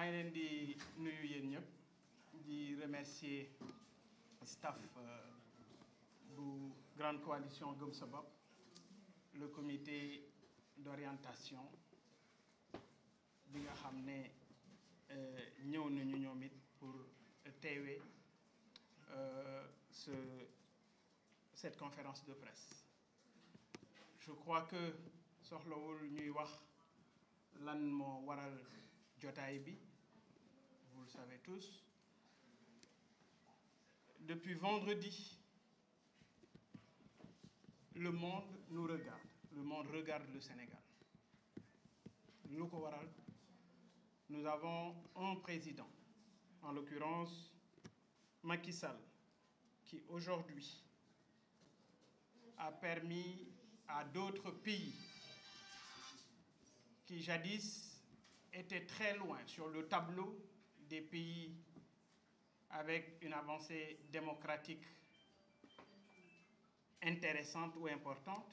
maa ngi leen di nuyu yéen ñëpp di remercier staff euh, bu grande coalition Gëm sa bopp le comité d'orientation bi nga xam ne euh, ñëw nañu ñoom it pour teewee euh, ce cette conférence de presse je crois que soxlawul ñuy wax lan moo waral jotaay bi vous le savez tous, depuis vendredi, le monde nous regarde, le Sénégal. lu ko waral nous avons un président en l'occurrence Macky qui aujourd'hui a permis à d'autres pays qui jadis étaient très loin sur le tableau des pays avec une avancée démocratique intéressante ou importante,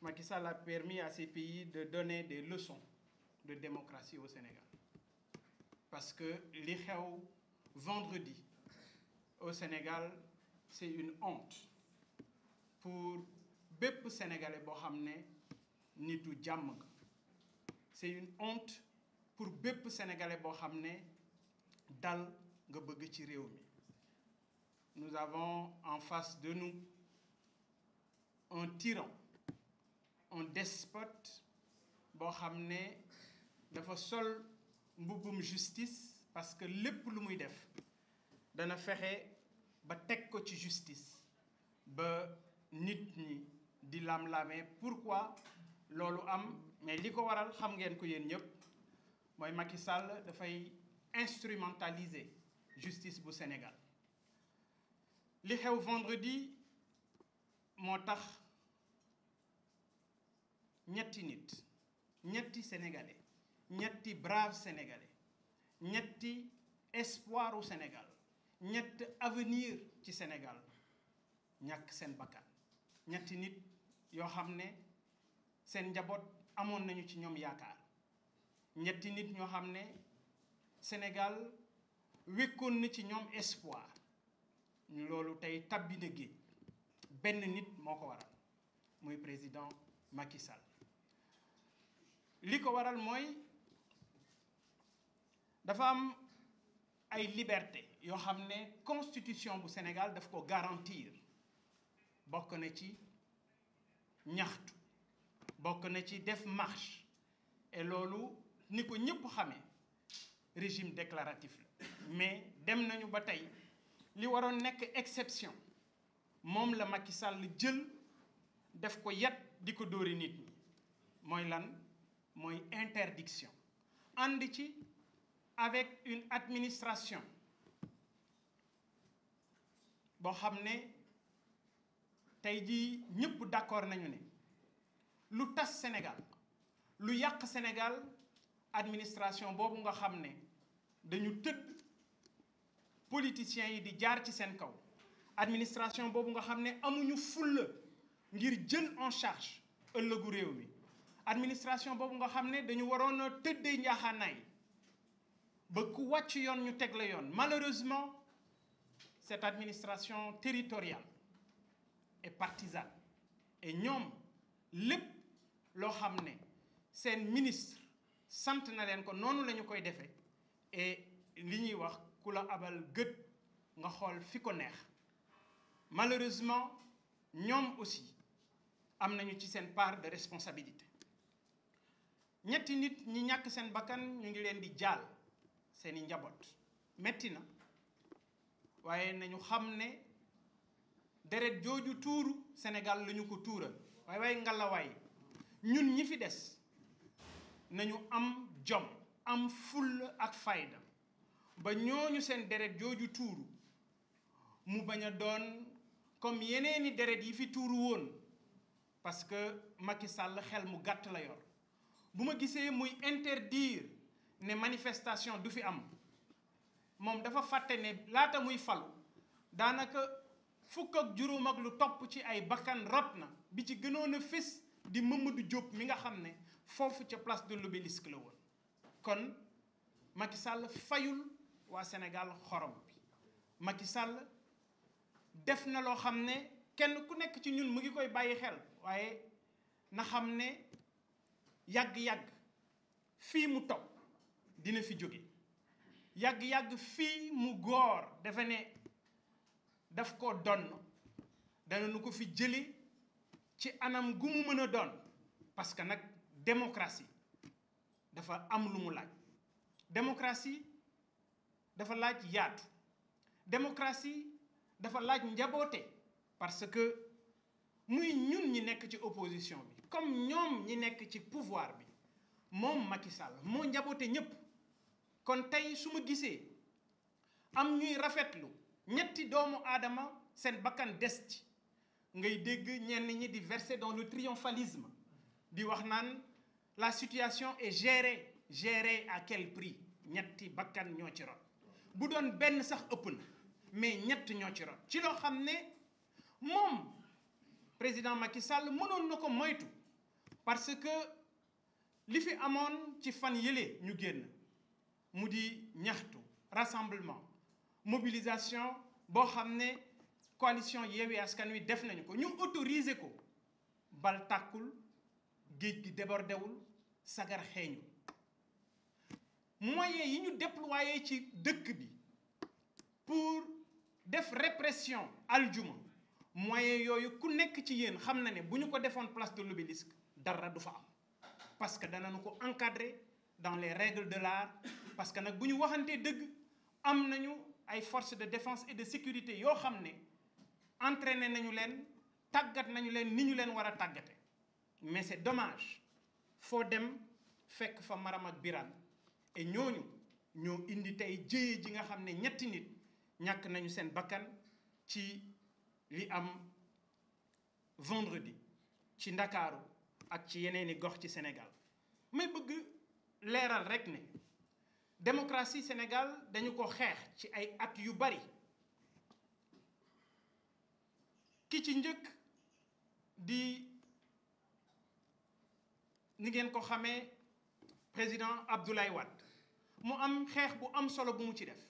Macky Sall a permis à ces pays de donner des leçons de démocratie au Sénégal. Parce que l'ICAO, vendredi, au Sénégal, c'est une honte pour bépp Sénégalais boo xam ne nitu jàmm c'est une honte pour bépp sénégalais boo xam ne dal nga bëgg ci réew mi nous avons en face de nous un tyran un despote boo xam ne dafa sol mbubbum justice parce que lépp lu muy def dana fexe ba teg ko ci justice ba nit ñi di lam-lamee pourquoi loolu am mais li ko waral xam ngeen ko yéen ñëpp mooy Macky Sall dafay instrumentaliser justice bu Sénégal li xew vendredi moo tax ñetti nit ñetti sénégalais ñetti brave sénégalais ñetti espoir u Sénégal ñetti avenir ci Sénégal ñàkk seen bakkan ñetti nit yoo xam ne seen njaboot amoon nañu ci ñoom yaakaar ñetti nit ñoo xam ne Sénégal wékkoon na ci ñoom espoir ñu loolu tey tabbi na benn nit moo ko waral muy président makisal li ko waral mooy dafa am ay liberté yoo xam ne constitution bu Sénégal daf ko garantir bokk na ci ñaxtu bokk na ci def marche et loolu ni ko ñëpp xame régime déclaratif la mais dem nañu ba tey li waroon nekk exception moom la Macky sàll jël def ko yet di ko dóori nit ñi mooy lan mooy interdiction ànd ci avec une administration boo xam ne tey jii ñëpp d'accord nañu ne lu tas Sénégal lu yàq Sénégal administration boobu nga xam ne dañu tëdd politiciens yi di jaar ci seen kaw administration boobu nga xam ne amuñu fulla ngir jën en charge ëllëgu réew mi administration boobu nga xam ne dañu waroon a tëddee njaaxaanaay ba ku wàcc yoon ñu teg la yoon malheureusement cette administration territoriale est partisane et ñoom lépp loo xam ne seen ministre sant na leen ko noonu lañu koy defe li ñuy wax ku la abal gët nga xool fi ko neex malheureusement ñoom aussi am nañu ci seen part de responsabilité ñetti nit ñi ñàkk seen bakkan ñu ngi leen di jaal seeni njaboot metti na waaye nañu xam ne deret jooju tuuru Sénégal la ñu ko tuural waaye waaye ngalawaay ñun ñi fi des nañu am jom am fulla ak fayda ba ñooñu seen deret jooju tuuru mu bañ a doon comme yeneeni deret yi fi tuuru woon parce que Macky Sall xel mu gàtt la yor bu ma gisee muy interdire ne manifestation du fi am moom dafa fàtte ne laata muy falu daanaka fukk ak juróom lu topp ci ay bakkan rot na bi ci gënoon a fés di Mamadou Diop mi nga xam ne foofu ca place de l'obélisque la woon kon Macky Sall fayul waa Sénégal xorom bi Macky Sall def na loo xam ne kenn ku nekk ci ñun mu ngi koy bàyyi xel waaye na xam ne yàgg-yàgg fii mu toog dina fi jóge yàgg-yàgg fii mu goor dafa ne daf koo donn dana nu ko fi jële ci anam gu mu mën a doon parce que nag démocratie dafa am lu mu laaj démocratie dafa laaj yaatu démocratie dafa laaj njaboote parce que muy ñun ñi nekk ci opposition bi comme ñoom ñi nekk ci pouvoir bi moom Macky moo njaboote ñépp kon tey su ma gisee am ñuy rafetlu ñetti doomu aadama seen bakkan des ci ngay dégg ñenn ñi di verser dans le triomphalisme di wax naan la situation est gérée gérée à quel prix ñetti bakkan ñoo ci rot bu doon benn sax ëpp na mais ñett ñoo ci rot ci loo xam ne moom président Macky Sall mënoon na ko moytu parce que li fi amoon ci fan yële ñu génn mu di ñaxtu rassemblement mobilisation boo xam ne coalition Yewwi Askan Wi def nañu ko ñu autoriser ko bal tàkkul géej gi débordewul sagar xeeñu moyens yi ñu déployé ci dëkk bi pour def répression aljuma moyens yooyu ku nekk ci yéen xam na ne bu ñu ko defoon place de l'Obélisque dara du fa am parce que danañu ko encadré dans les règles de l'art parce que nag bu ñu waxantee dëgg am nañu ay forces de défense et de sécurité yoo xam ne entraîné nañu leen tàggat nañu leen ni ñu leen war a tàggate mais c'est foo dem fekk fa Maram ak Birane et ñooñu ñoo indi tey jéye ji nga xam ne ñetti nit ñàkk nañu seen bakkan ci li am vendredi ci Ndakaaru ak ci yeneeni gox ci senegal may bëgg leeral rek ne démocratie Sénégal dañu ko xeex ci ay at yu bari ki ci njëkk di ni ngeen ko xamee président Abdoulaye Wade mu am xeex bu am solo bu mu ci def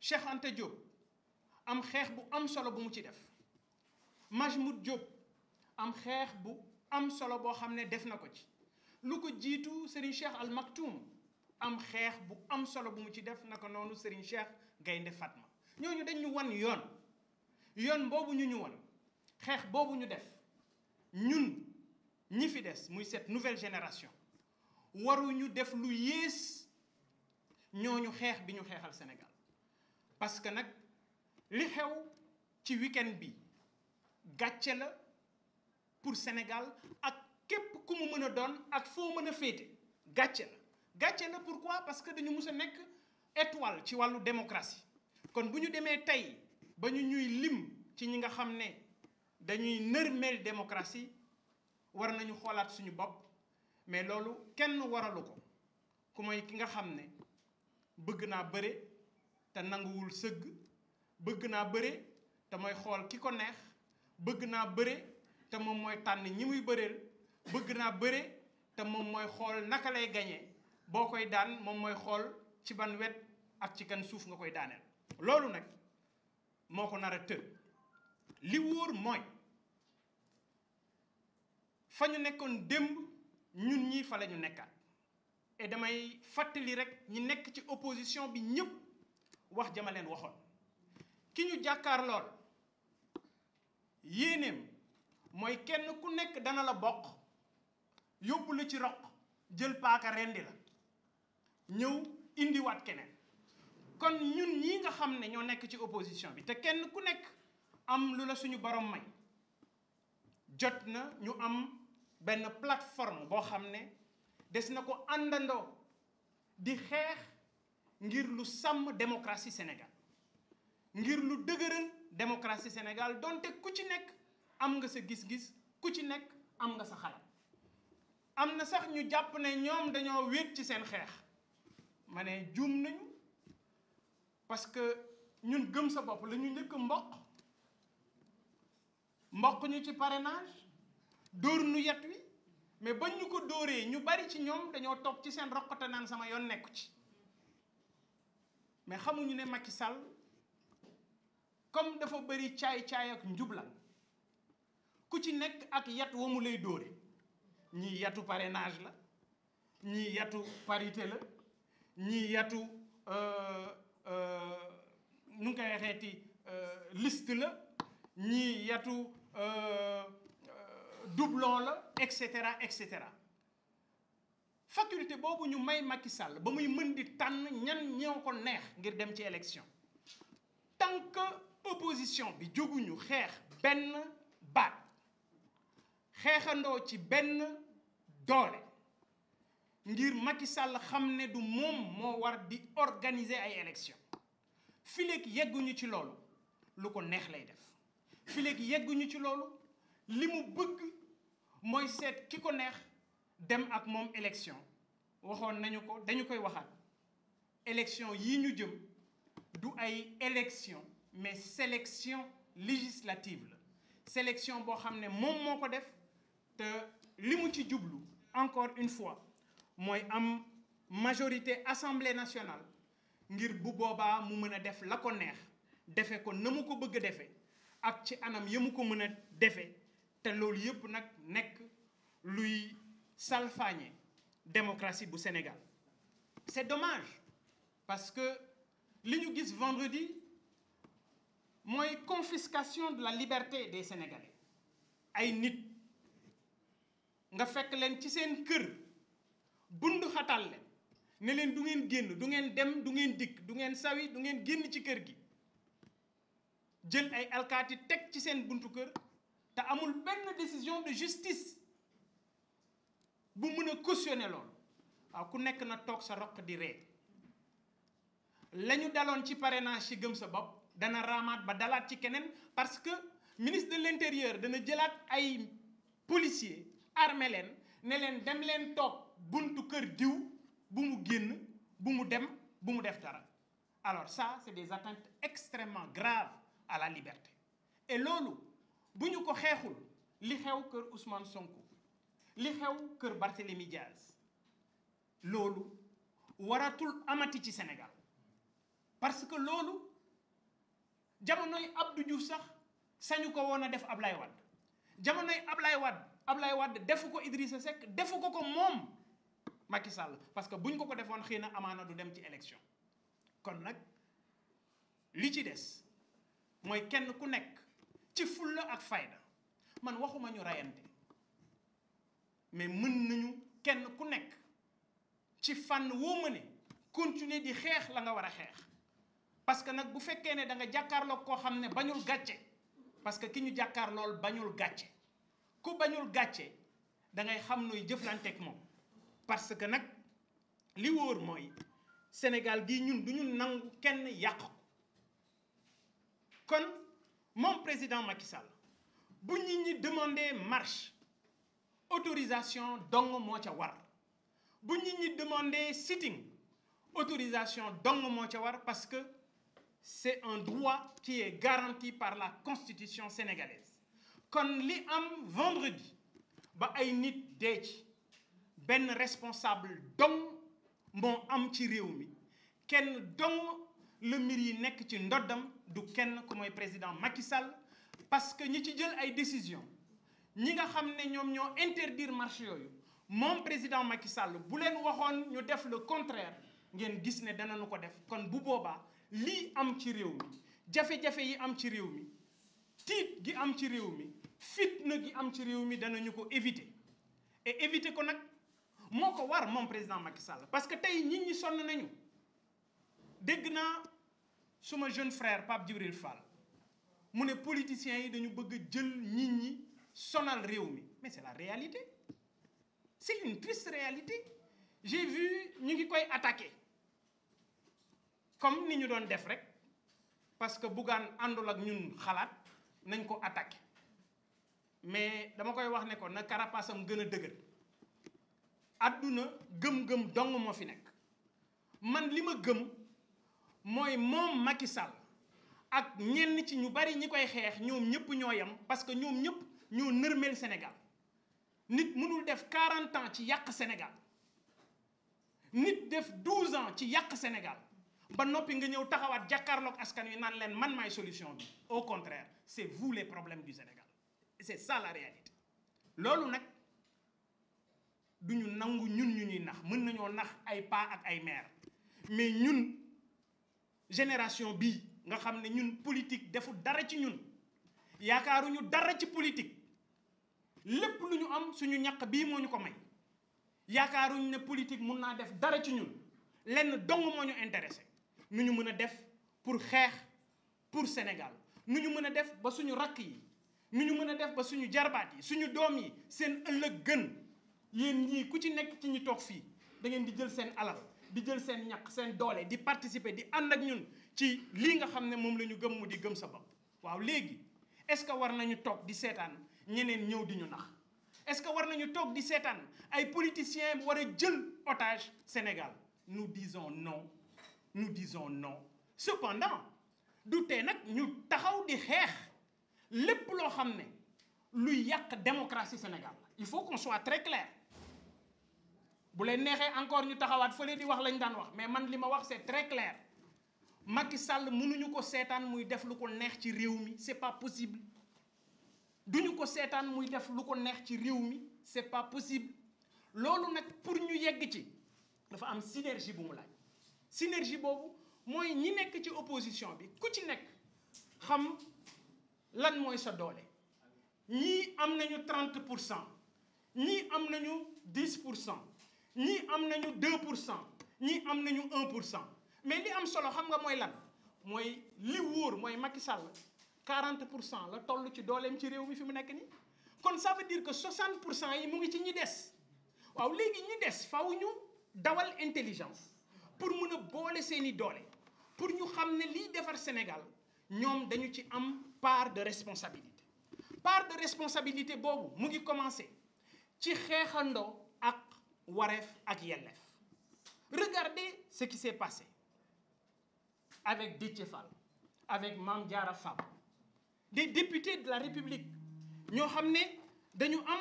Cheikh Anta am xeex bu am solo bu mu ci def Majmout Diop am xeex bu am solo boo xam ne def na ko ci lu ko jiitu Serigne Cheikh Al Maktoum am xeex bu am solo bu mu ci def naka noonu Serigne Cheikh Gaynde Fatma ñooñu dañ ñu wan yoon yoon boobu ñu ñu wan xeex boobu ñu def ñun ñi fi des muy cette nouvelle génération waruñu def lu yées ñooñu xeex bi ñu xeexal Sénégal parce que nag li xew ci week bi gàcce la pour Sénégal ak képp ku mu mën a doon ak foo mën a féete gàcce la gàcce la pourquoi parce que dañu mus a nekk étoile ci wàllu démocratie kon bu ñu demee tey ba ñu ñuy lim ci ñi nga xam ne dañuy nërmeel démocratie war nañu xoolaat suñu bopp mais loolu kenn waralu ko ku mooy ki nga xam ne bëgg naa bëre te nanguwul sëgg bëgg naa bëre te xool ki ko neex bëgg naa bëre te moom mooy tànn ñi muy bëreel bëgg naa bëre te moom mooy xool naka lay gañe boo koy daan moom mooy xool ci ban wet ak ci kan suuf nga koy daaneel loolu nag moo ko nara a të li wóor mooy fa ñu nekkoon démb ñun ñii fa lañu ñu nekkaat damay fàttali rekk ñi nekk ci opposition bi ñëpp wax jamaleen waxoon ki ñu jàkkaar lool yéeneem mooy kenn ku nekk dana la boq yóbbu la ci roq jël paaka rendi la ñëw indiwaat keneen kon ñun ñii nga xam ne ñoo nekk ci opposition bi te kenn ku nekk am lu la suñu borom may jot na ñu am benn plateforme boo xam ne des na ko àndandoo di xeex ngir lu sàmm démocratie Sénégal ngir lu dëgëral démocratie Sénégal donte ku ci nekk am nga sa gis-gis ku ci nekk am nga sa xalaat am na sax ñu jàpp ne ñoom dañoo wéet ci seen xeex ma ne juum nañu parce que ñun gëm sa bopp la ñu njëkk mboq mboq ñu ci parrainage dóor nu yet wi mais bañ ñu ko dóoree ñu bari ci ñoom dañoo toog ci seen roqate naan sama yoon nekku ci mais xamuñu ne Macky sàll comme dafa bëri caay-caay ak njublan ku ci nekk ak yat wa mu lay dóore ñii yatu parrainage la ñii yatu parité la ñii yatu euh, Euh, nu ngi koy xeeti euh, liste la ñii yatu euh, doublon la et cetera et cetera faculté boobu ñu may Macky Sall ba muy mën di tànn ñan ñoo ko neex ngir dem ci élection tant que opposition bi jóguñu xeex benn baat xeexandoo ci benn doole ngir Macky Sall xam ne du moom moo war di organiser ay élections fileeg yegguñu ci loolu lu ko neex lay def fileeg yegguñu ci loolu li mu bëgg mooy seet ki ko neex dem ak moom élection waxoon nañu ko dañu koy waxaat élection yi ñu jëm du ay élection mais sélection législative la sélection boo xam ne moom moo ko def te li mu ci jublu encore une fois mooy am majorité assemblée nationale ngir bu boobaa mu mën a def la ko neex defe ko na mu ko bëgg a defe ak ci anam ya mu ko mën a defe te loolu yëpp nag nekk luy salfaañe démocratie bu Sénégal c'est dommage parce que li ñu gis vendredi mooy confiscation de la liberté des Sénégalais ay nit nga fekk leen ci seen kër bundu xatal leen ne leen du ngeen génn du ngeen dem du ngeen dikk du ngeen sawi du ngeen génn ci kër gi jël ay alkaati teg ci seen buntu kër te amul benn décision de justice bu mën a cautionner loolu waaw ku nekk na toog sa roq di ree la ñu daloon ci parrainage ci gëm sa bopp dana raamaat ba dalaat ci keneen parce que ministre de l'intérieur dana jëlaat ay policiers armé leen ne leen dem leen toog buntu kër diw bu mu génn bu mu dem bu mu def dara alors ça c'est des atteintes extrêmement graves à la liberté et loolu bu ñu ko xeexul li xew kër Ousmane Sonko li xew kër Barthélémy Diaz loolu waratul amati ci Sénégal parce que loolu jamonoy Abdou Diouf sax sañu ko woon a def Ablaye Wade jamonoy Ablaye Wade Ablaye Wade defu ko Idrissa Seck defu ko ko moom Macky Sall parce que buñ ko ko defoon xëy na amaana du dem ci élection kon nag li ci des mooy kenn ku nekk ci fulla ak fayda man waxuma ñu reyante mais mën nañu kenn ku nekk ci fànn woo mëne continuer di xeex la nga war a xeex parce que nag bu fekkee ne da nga jàkkaarloog koo xam ne bañul gàcce parce que ki ñu jàkkaarlool bañul gàcce ku bañul gàcce dangay ngay xam nuy jëflanteeg moom parce que nag li wóor mooy Sénégal gi ñun du ñu nangu kenn yàq kon moom président Macky Sall bu nit ñi demandé marche autorisation dong moo ca war bu nit ñi demandé sitting autorisation dong moo ca war parce que c'est un droit qui est garanti par la constitution sénégalaise kon li am vendredi ba ay nit dee benn responsable dong moo am ci réew mi kenn dong la mbir yi nekk ci ndoddam du kenn ku mooy président Macky Sall parce que ñi ci jël ay décision ñi nga xam ne ñoom ñoo interdire marché yooyu moom président Macky Sall bu leen waxoon ñu def le contraire ngeen gis ne danañu ko def kon bu boobaa lii am ci réew mi jafe-jafe yi am ci réew mi tiit gi am ci réew mi fitna gi am ci réew mi danañu ko éviter et ko nag moo ko war moom président Macky Sall parce que tey nit ñi sonn nañu dégg naa suma jeune frère Pape Djibril Fall mu ne politiciens yi dañu bëgg jël nit ñi sonal réew mi mais c'est la réalité c'est une triste réalité j'ai vu ñu ngi koy attaquer comme ni ñu doon def rek parce que buggaan àndul ak ñun xalaat nañ ko attaquer mais dama koy wax ne ko na carapace gën a dëgër àdduna gëm-gëm dong moo fi nekk man li ma gëm mooy moom Macky Sall ak ñenn ci ñu bari ñi koy xeex ñoom ñëpp ñoo yem parce que ñoom ñëpp ñoo nërmeel Sénégal nit mënul def 40 ans ci yàq Sénégal nit def 12 ans ci yàq Sénégal ba noppi nga ñëw taxawaat jàkkaarloog askan wi naan leen man maay solution bi au contraire c'est vous les problèmes du Sénégal c'est ça la réalité loolu nag. du ñu nangu ñun ñu ñuy nax mën nañoo nax ay pa ak ay maire mais ñun génération bii nga xam ne ñun politique defu dara ci ñun yaakaaruñu dara ci politique lépp lu ñu am suñu ñàkk bii moo ñu ko may yaakaaruñu ne politique mun naa def dara ci ñun lenn dong moo ñu intéressé nu ñu mën a def pour xeex pour Sénégal nu ñu mën a def ba suñu rakk yi nu ñu mën a def ba suñu jarbaat yi suñu doom yi seen ëllëg gën yéen ñii ku ci nekk ci ñu toog fii dangeen di jël seen alal di jël seen ñaq seen doole di participer di ànd ak ñun ci lii nga xam ne moom lañu ñu gëm mu di gëm sa bopp waaw léegi est-ce que war nañu toog di seetaan ñeneen ñëw di ñu nax est-ce que war nañu toog di seetaan ay politiciens war a jël otage Sénégal nous disons non nous disons non cependant du tee nag ñu taxaw di xeex lépp loo xam ne luy yàq démocratie Sénégal il faut qu'on soit très clair bu leen neexee encore ñu taxawaat fële di wax lañu daan wax mais man li ma wax c'est très clair Macky sàll mënuñu ko seetaan muy def lu ko neex ci réew mi c'est pas possible duñu ko seetaan muy def lu ko neex ci réew mi c'est pas possible loolu nag pour ñu yegg ci dafa am synergie bu mu laaj synergie boobu mooy ñi nekk ci opposition bi ku ci nekk xam lan mooy sa doole ñii am nañu 30 pour cent ñii am nañu 10 pour cent ñii am nañu deux pour cent ñii am nañu 1 pour cent mais li am solo xam nga mooy lan mooy li wóor mooy Macky Sall pour cent la toll ci dooleem ci réew mi fi mu nekk nii. kon ça veut que 60 pour cent yi mu ngi ci ñi des waaw léegi ñi des faw ñu dawal intelligence pour mun a boole seeni doole pour ñu xam ne liy defar Sénégal ñoom dañu ci am part de responsabilité part de responsabilité boobu mu ngi commencé ci xeexandoo. wareef ak yelleef regardez ce qui s'est passé avec Déthié Fall avec Mame Diarra Fam des députés de la République ñoo xam ne dañu am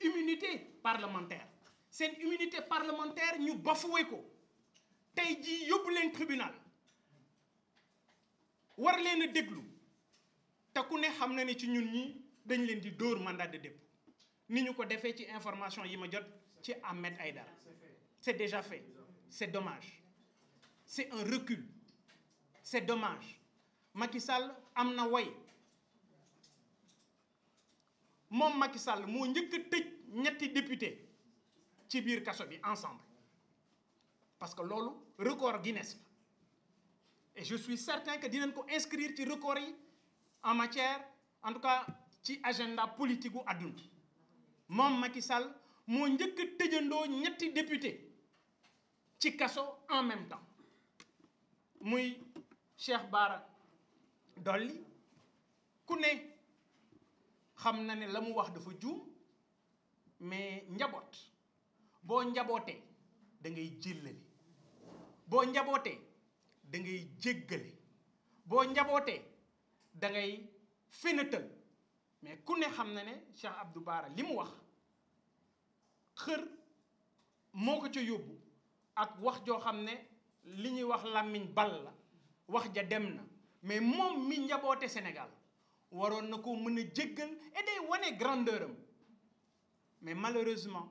immunité parlementaire seen immunité parlementaire ñu bafoué ko tey ji yóbbu leen tribunal war leen a déglu te ne xam na ne ci ñun ñi dañ leen di dóor mandat de dépp ni ñu ko defee ci information yi ma jot ci Ahmed Aïdara c'est déjà fait c'est dommage c'est un recul c'est dommage Macky Sall am na way moom Macky Sall moo njëkk tëj ñetti député ci biir kaso bi ensemble parce que loolu record Guinness la et je suis certain que dinañ ko inscrire ci record yi en matière en tout cas ci agenda politique gu àdduna moom Macky moo njëkk tëjandoo ñetti député ci kaso en même temps muy Cheikh Bara Dolly ku ne xam na ne la mu wax dafa juum mais njaboot boo njabootee da ngay jëllale boo njabootee da ngay jéggale boo njabootee da ngay fénatal mais ku ne xam na ne Cheikh Abdou Bara li mu wax xër moo ko ca yóbbu ak wax joo xam ne li ñuy wax làmmiñ bal la wax ja dem na mais moom mi njaboote Sénégal waroon na ko mën a jéggal et day wane grandeur am mais malheureusement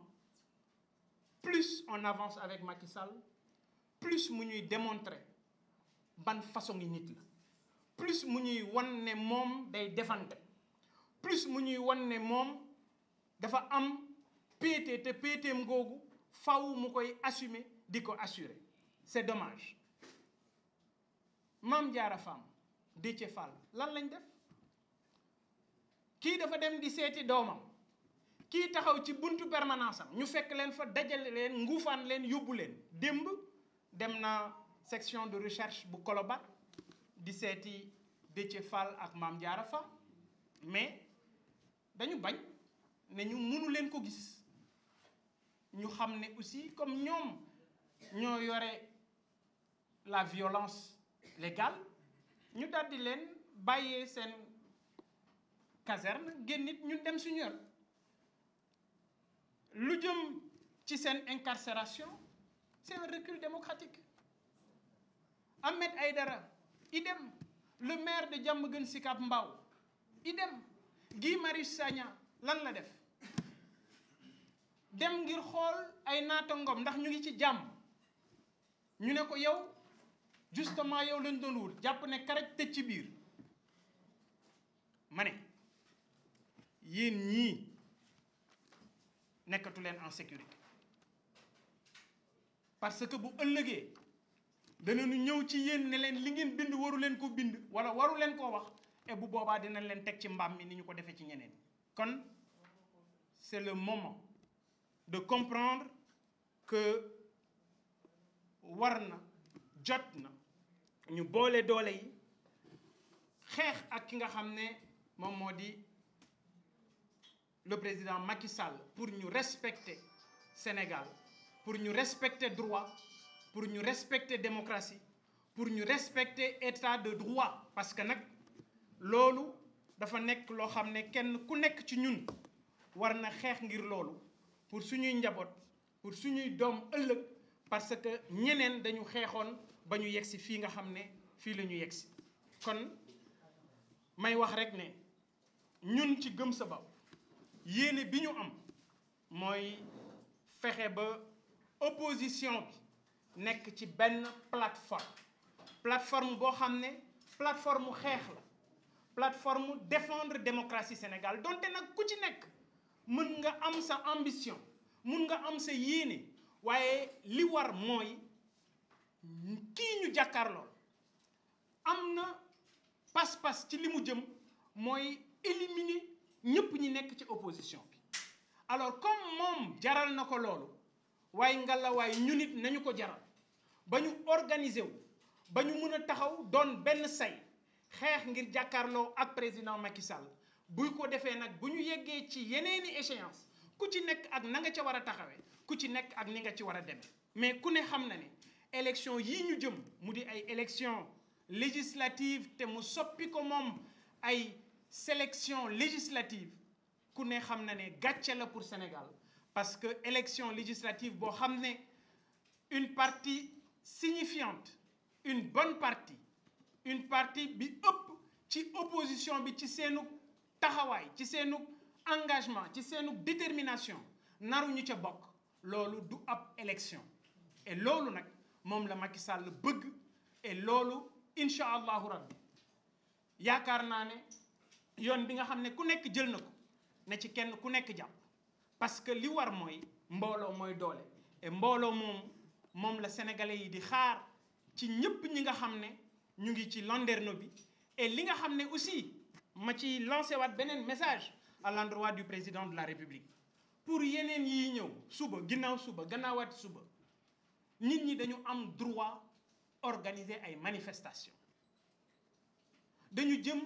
plus on avance avec Macky plus mu ñuy démontrer ban façon yi nit la plus mu ñuy wan ne moom day defante plus mu ñuy wan ne moom dafa am péete te péeteem googu faw mu koy assumer di ko assurer c'est dommage Mame Diarra Fam Déthié Fall lan lañ def kii dafa dem di seeti doomam kii taxaw ci buntu permanence am ñu fekk leen fa dajale leen nguufaan leen yóbbu leen démb dem na section de recherche bu Kolobat di seeti Déthié Fall ak Mame Diarra Fam mais dañu bañ ne ñu mënu leen ko gis ñu xam ne aussi comme ñoom ñoo yore la violence légale ñu daldi leen bàyyee seen caserne génnit ñun dem suñu yoon lu jëm ci seen incarcération c'est un recul démocratique Ahmed dara idem le maire de Diamaguène Sicap Mbao idem Guy Marius Sagna lan la def dem ngir xool ay naatangom ndax ñu ngi ci jàmm ñu ne ko yow justement yow lañ doon wut jàpp ne karaj tëj ci biir ma ne yéen ñii nekkatu leen en sécurité parce que bu ëllëgee danañu ñëw ci yéen ne leen li ngeen bind waru leen ko bind wala waru leen koo wax et bu boobaa dinañ leen teg ci mbaam mi ni ñu ko defee ci ñeneen kon c'est le moment de comprendre que war na jot na ñu boole doole yi xeex ak ki nga xam ne moom moo di le président Macky pour ñu respecter Sénégal pour ñu respecter droit pour ñu respecter démocratie pour ñu respecter état de droit parce que nag loolu dafa nekk loo xam ne kenn ku nekk ci ñun war na xeex ngir loolu pour suñuy njaboot pour suñuy doom ëllëg parce que ñeneen dañu xeexoon ba ñu yegsi fii nga xam ne fii la ñu yegsi kon may wax rek ne ñun ci gëm sa bopp yéene bi ñu am mooy fexe ba opposition bi nekk ci benn plateforme plateforme boo xam ne plateforme xeex la plateforme défendre démocratie Sénégal donte nag ku ci nekk mën nga am sa ambition mun nga am sa yéene waaye li war mooy kii ñu jàkkaarloo am na pas-pas ci li mu jëm mooy éliminer ñëpp ñi nekk ci opposition bi alors comme moom jaral na ko loolu waaye ngalla ñu nit nañu ko jaral ba ñu organiser wu ba ñu mën a taxaw doon benn say xeex ngir jàkkaarloo ak président Macky buy ko defee nag bu ñu yeggee ci yeneeni échéance ku ci nekk ak na nga ca war a taxawee ku ci nekk ak ni nga ci war a dem mais ku ne xam na ne élection yii ñu jëm mu di ay élection législative te mu soppi ko moom ay sélection législative ku ne xam na ne gàcce la pour Sénégal parce que élection législative boo xam ne une partie signifiante une bonne partie une partie bi ëpp ci opposition bi ci seenu taxawaay ci seenu engagement ci seenu détermination naruñu ca bokk loolu du ab élection et loolu nag moom la Macky sàll bëgg et loolu incha allahu rabbi yaakaar naa ne yoon bi nga xam ne ku nekk jël na ko na ci kenn ku nekk jàpp parce que li war mooy mbooloo mooy doole et mbooloo moom moom la sénégalais yi di xaar ci ñëpp ñi nga xam ne ñu ngi ci landerno bi et li nga xam ne aussi ma ci lancé waat beneen message à l'endroit du président de la république pour yeneen yi ñëw suba ginnaaw suba gannaawaat suba nit ñi dañu am droit organiser ay manifestations dañu jëm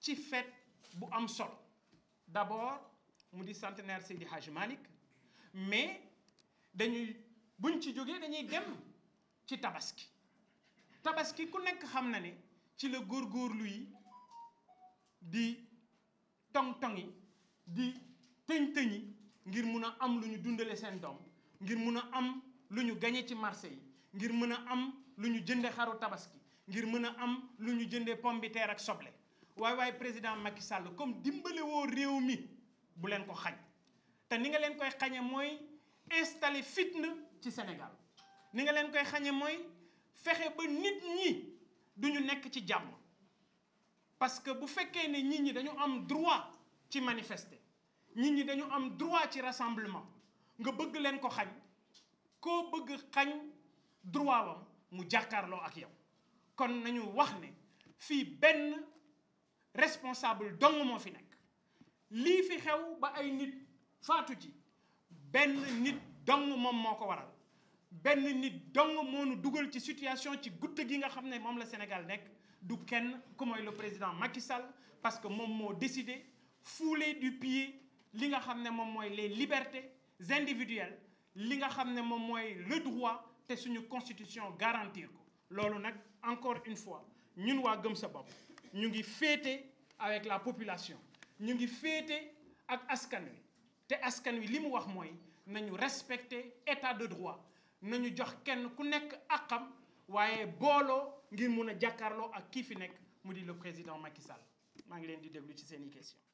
ci fête bu am solo d'abord mu di centenaire Seydi Hadj Malick mais dañuy buñ ci jógee dañuy dem ci tabaski tabaski ku nekk xam na ne ci la góorgóorlu yi di tong-tongi di tëñ-tëñi ngir mun a am lu ñu dundale seen doom ngir mun a am lu ñu gañe ci marché yi ngir mën a am lu ñu jënde xaru tabaski ngir mën a am lu ñu jënde pomme de terre ak soble waaye waaye président Macky sàll comme dimbale woo réew mi bu leen ko xañ te ni nga leen koy xañee mooy installer fitna ci Sénégal ni nga leen koy xañee mooy fexe ba nit ñi duñu nekk ci jàmm parce que bu fekkee ne nit ñi dañu am droit ci manifester nit ñi dañu am droit ci rassemblement nga bëgg leen ko xañ ko bëgg xañ droit wam mu jàkkaarloo ak yow kon nañu wax ne fii benn responsable dong moo fi nekk lii fi xew ba ay nit faatu ci benn nit dong moom moo ko waral benn nit dong moo nu dugal ci situation ci gutte gi nga xam ne moom la Sénégal nekk du kenn ku mooy le président Macky parce que moom moo décidé fouler du pied li nga xam ne moom mooy les libertés individuelles li nga xam ne moom mooy le droit te suñu constitution garantir ko loolu nag encore une fois ñun waa gëm sa ñu ngi féete avec la population ñu ngi féete ak askan wi te askan wi li mu wax mooy nañu respecter état de droit nañu jox kenn ku nekk àqam waaye booloo ngir mun a jàkkaarloo ak kii fi nekk mu di la président Macky Sall maa ngi leen di déglu ci seen i question